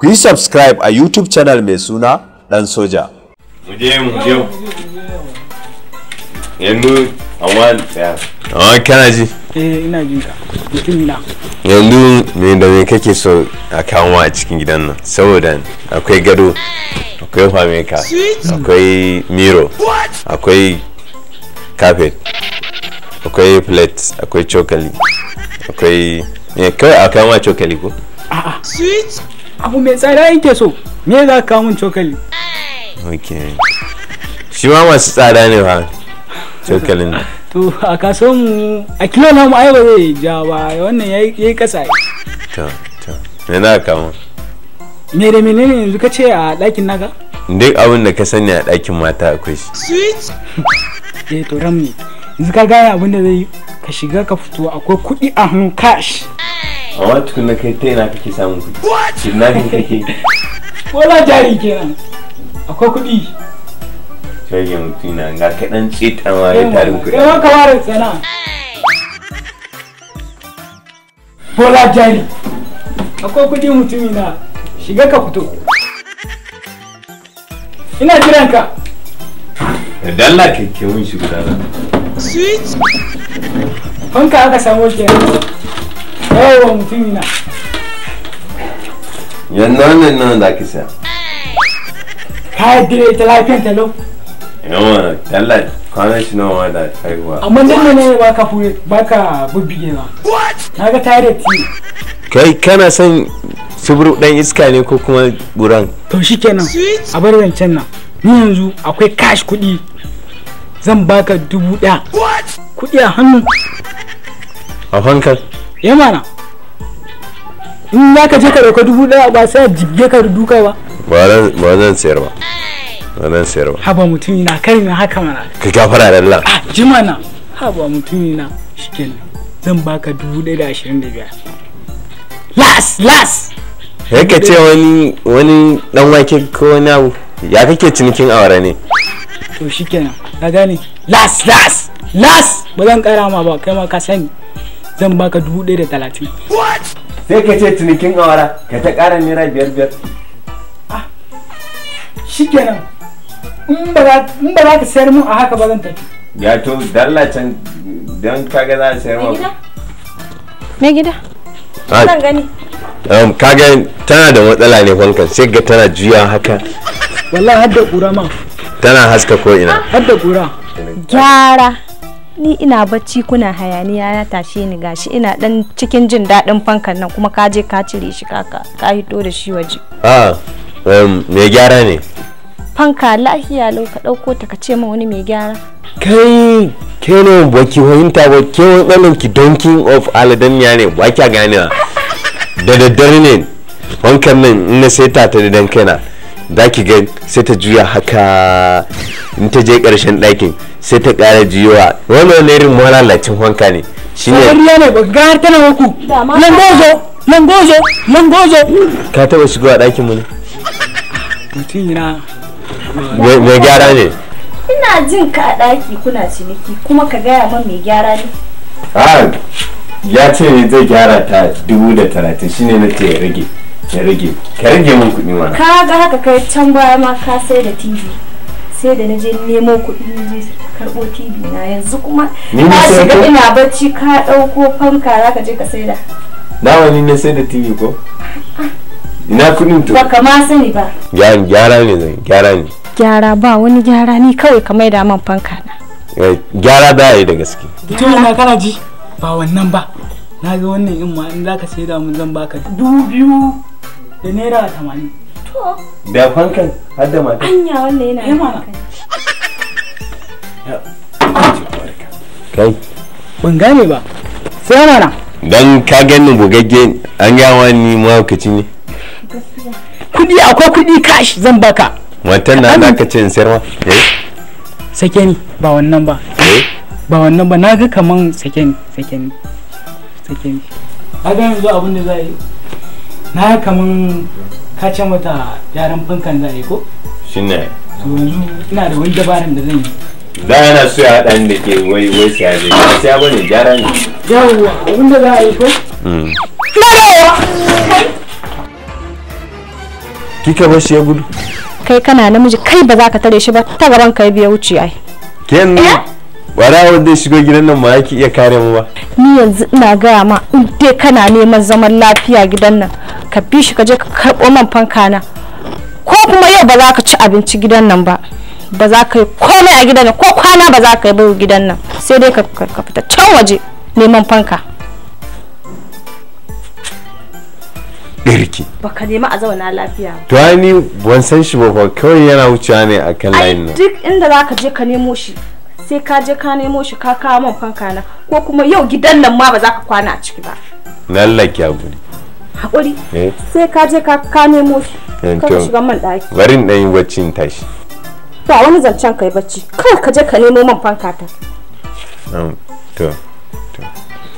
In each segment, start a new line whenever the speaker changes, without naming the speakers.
ku yi subscribe a YouTube channel mai suna Dan Soja.
Yanzu Awan kana ji? Eh,
Yanzu me da me kake so a kawo a cikin gidan nan? Saboda akwai gado, akwai fameka, akwai miro, akwai carpet, akwai plate, akwai cokali, akwai eh, kawai a kawo cokali ko?
A'a. Ah, ah. abu mai tsada yake so me za ka mun cokali
Okay. shi ma masu tsada ne ba cokalin
to a kasuwan mu a kilo na mu ai ba zai ja ba wannan yayi kasa
to to me za ka mun
me da menene yanzu ka ce a ɗakin naka
duk abin da ka sani a ɗakin mata akwai shi
sweet eh to ram yanzu ka gane abin da zai yi ka shiga ka fito akwai kuɗi a hannu cash
amma tukun kai ta ina kake samun kuɗi kidnapping kake
wala jari kenan akwai kuɗi
shege mutum na ga kaɗan tsitan ma ya tarin kuɗi yawan
kawarin tsana wala jari akwai kuɗi mutumi na ka fito ina jiran ka fanka aka samo yawa mutum na
yanzu wannan nan da ki sa
ka yadda ita lafiyan talo.
yawa tallar kwanan shi nawa da haihuwa
amma nan ne ba ka fure ba ka bubbige ma na ga tare da
kai kana son suburu dan iska ne ko kuma buran
to shikenan a bar zancen nan ni yanzu akwai cash kuɗi zan baka dubu ɗaya kuɗi a hannu a hankali ya mana in za ka je ka ɗauka dubu daya ba sai a jibge ka duka ba
ba zan sayar ba ba zan sayar ba
haba mutum na karin haka mana
ka gafara da Allah a ah,
ji mana haba mutum na shikenan zan baka dubu daya da ashirin da biyar las las ya ka ce
wani wani dan wake ko wani abu ya kake cinikin awara ne
to shikenan ka gane las las las ba zan kara ma ba kai ma ka sani zan baka dubu ɗaya da talatin. sai ka ce cinikin awara ka ta ƙara naira biyar biyar ah, shikenan in ba za ka sayar mun a haka ba zan tafi
ya to dalla can don kaga za a sayar mun me gida zan gani um, kaga tana da matsala ne wankan sai ga tana juya haka
wallahi hadda ƙura kura ma
tana haska ko ina ah,
hadda ƙura. kura gyara ni ina bacci kuna hayaniya ya tashe ni gashi ina dan cikin jin daɗin fankan nan kuma ka je ka cire shi kaka ka hito da shi waje
a ah, um, mai gyara ne
fanka lafiya lau ka ɗauko ta ka ce ma wani mai gyara
kai ke ne ba ki fahimta ba ke wani ɗanin ki donkin of aladanya ne ba kya ganewa da daddare ne fankan nan in na saita ta da dan daki gan sai ta juya haka in ta je karshen ɗakin sai ta ƙara juyowa wani wani irin malalacin wanka ne shi ne ya
ne
ga har tana waku langozo langozo langozo
ka taɓa shigowa ɗakin mu ne
mutum yana mai gyara ne
ina jin ka a daki kuna ciniki kuma ka gaya man mai gyara ne ah,
ya ce zai gyara ta dubu da talatin shine na ta rage ka rage min kuɗi ma. ka
ga haka kai can baya ma ka sai da tv sai da naje nemo kuɗi naje karɓo tv na yanzu kuma ka shiga ina bacci ka ɗauko fanka za ka je ka sai da
dawa ni ne sai da tv ko ina kuɗin
to baka ma sani ba
gyara ne zan gyara ne
gyara ba wani gyara ni kawai ka maida man fanka na
eh, gyara da yi da gaske
ita na kana ji ba wannan ba na ga wannan in ma in za ka sai da mun zan baka
dubu biyu da naira
tamanin to
da fankan har da mata
anya wanda yana yi eh, mana
kai ban gane ba sai mana dan ka ganin bugagge an gawa ni mahaukaci ne
kudi akwai kudi cash zan baka
matan na da ka ce in sayar ma eh.
sake ni ba wannan ba eh. ba wannan ba na ga kaman sake ni sake ni sake ni a yanzu abin da za yi na kaman mun ce mata yaran fankan za a yi ko? shi ne ina da wani dabarin da zan yi
za a yana so ya haɗa ni da ke wai wai siya zai ba siya ba ne gyara ne
yawwa
da za a yi ko? Hmm. kika ba shi ya gudu kai kana namiji kai ba za ka tare shi ba ta gaban ka biya wuce ai
ken wara eh? wanda shigo gidan nan ma yake iya kare mu ba
ni yanzu ina gaya ma in dai kana neman zaman lafiya gidan nan ka bi shi ka je ka karɓo man fanka na ko kuma yau ba za ka ci abinci gidan nan ba ba za ka yi komai a gidan nan ko kwana ba za ka yi bugu gidan nan sai dai ka fita can waje neman fanka ɗirki ba ka nema a zauna lafiya
to ai ni ban san shi ba ba kawai yana wucewa ne a kan layin nan duk
inda za ka je ka nemo shi sai ka je ka nemo shi ka kawo man fanka na ko kuma yau gidan nan ma ba za ka kwana a ciki ba
lallaki abu ne haƙuri eh.
sai ka je ka ka nemo su
eh, ka shiga man ɗaki Barin in ɗan yi tashi
ba wani zancen kai bacci kawai ka je ka nemo man fanka ta
to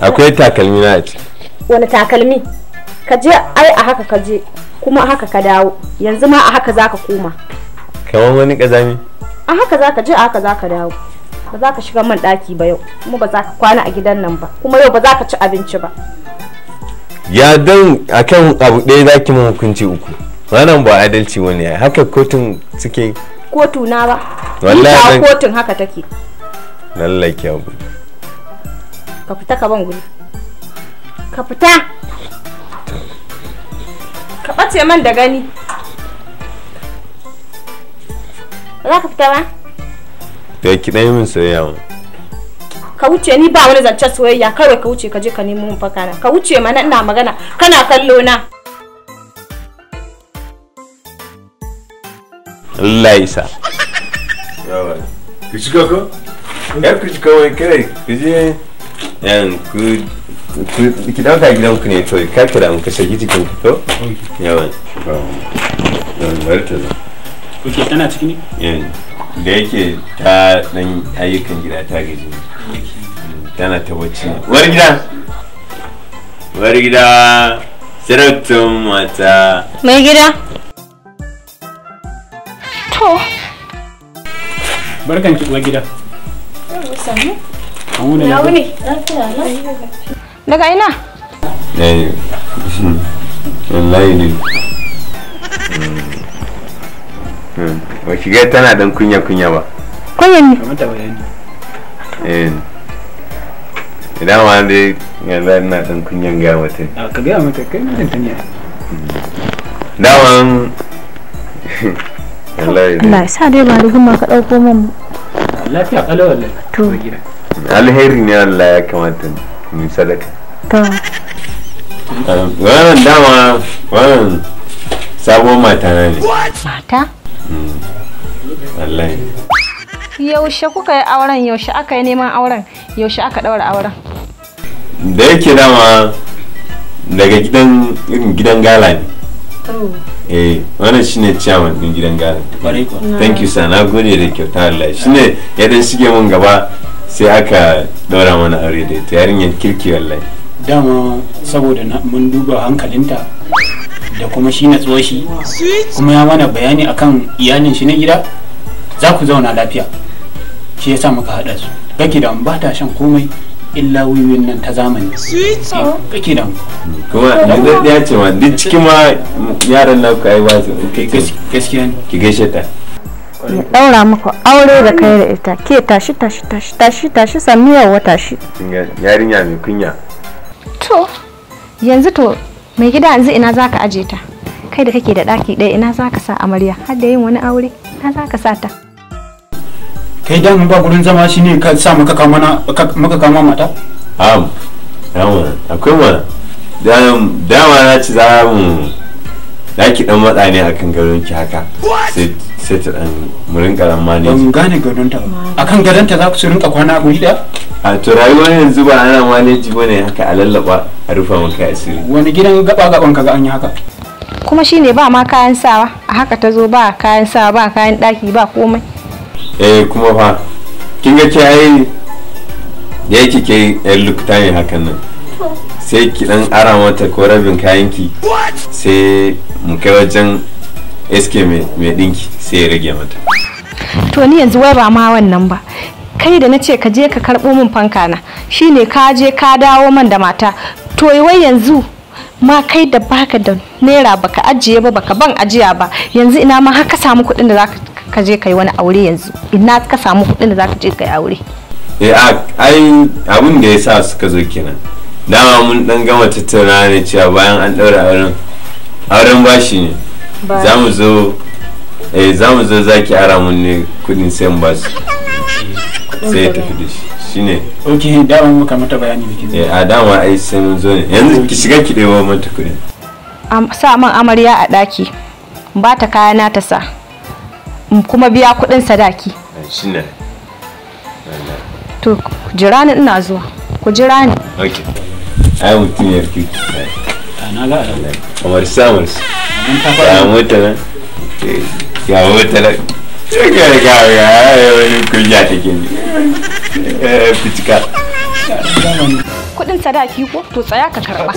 akwai takalmi na a
wani takalmi ka je ai a haka ka je kuma a haka ka dawo yanzu ma a haka za ka koma
kamar wani kazami
a haka za ka je a haka za ka dawo ba za ka shiga man ɗaki ba yau kuma ba za ka kwana a gidan nan ba kuma yau ba za ka ci abinci ba
ya don a kan abu ɗaya za ki hukunci uku wannan ba adalci wani ya haka kotun suke
kotu na ba wallahi kotun haka take
lallai ki abu
ka fita ka ban guri ka fita ka bace man da gani za ka fita ba
ta ki ɗaya min soyayya mu
ka wuce ni ba wani zance soyayya kawai ka wuce ka je ka nemo mun fakana ka wuce mana ina magana kana kallo na
Allah isa ki shiga ko ya ku shiga wai kai ki je yan ku ki gidan ku ne to ka kira ka ku to yawa ta zo
kuke tana ne
eh, da yake ta dan ayyukan gida ta gaji tana ta bacci wari gida wari gida sarautun mata
mai gida
to barkan
ki gida daga ina
eh, wallahi ne hmm. ba shiga tana dan kunya kunya ba
kunya
ne
Eh. idan ma dai yanzu ina kunyan gaya mutum
ah, ka gaya mata kai mutum ta ne
daman Allah sa
dai ba rigima ka ɗauko min
lafiya kalau wallahi to
alheri ne Allah ya kamata mu sadaka to wannan dama wannan sabon mata na ne
mata
hmm. wallahi
yaushe kuka yi auren yaushe aka yi neman auren yaushe aka daura auren
da yake dama daga gidan irin gidan gala ne oh. eh wannan shine chairman din gidan gala thank you sir na gode da kyauta Allah shine ya dan shige mun gaba sai aka daura mana aure da ita yarinyar kirki wallahi
dama saboda mun duba hankalinta da kuma shi na shi kuma ya mana bayani akan iyalin shi na gida za ku zauna lafiya shi sa muka haɗa su kake da ba ta shan komai illa wiwin nan ta zamani eh, kake da kuma da ya ce
ma duk cikin ma yaran na ku ba su gaskiya ki gaishe ta
ya daura muku aure da kai da ita ke tashi tashi tashi tashi tashi samiya wa tashi
yarinya mai kunya
to yanzu to mai gida yanzu ina zaka aje ta kai da kake da daki ɗaya ina zaka sa amarya har da yin wani aure ina zaka sa ta
kai damin ba gurin zama shine ka sa maka kama maka kama mata am
yawa akwai wani dama na ci za mu daki dan matsa ne akan garin ki haka sai ta dan murin karan ma ne ban
gane garin ta akan garin ta za ku rinka kwana guri da
a to rayuwar yanzu ba ana maneji bane haka a lallaba a rufa maka asiri
wani gidan gaba gaban ka ga an yi haka kuma shine ba ma kayan sawa a haka ta zo ba kayan sawa ba kayan daki ba komai
eh kuma fa kin ga kiyaye da yake ke yan lukuta ne hakan nan sai ki dan ara mata ko rabin kayan ki sai mu kai wajen eske mai dinki sai ya rage mata
to ni yanzu wai ba ma wannan ba kai da na ce ka je ka karbo min fanka na shine ka je ka dawo man da mata to wai yanzu ma kai da baka da naira baka ajiye ba baka ban ajiya ba yanzu ina ma haka samu kuɗin da zaka ka je kai wani aure yanzu ina ka samu kuɗin da zaka je kai aure
eh ai abin da yasa suka zo kenan dama mun dan gama tattauna ne cewa bayan an daura auren auren bashi ne za mu zo eh za mu zo zaki ara mun ne kudin sayan basu sai ya tafi da shi shine
ok dama muka mata bayani bikin eh a dama
ai sai mun zo ne yanzu ki shiga ki dewa mata kudin
sa man amarya a daki ba ta kaya na ta sa kuma biya kudin sadaki
eh, shine
to jira ni ina zuwa ku jira ni
okay ai mutum ya fi ah, na ga kamar samus ya mota nan ya mota nan ga ga ga wani kunya
take ni fitika
kudin sadaki ko to tsaya ka karba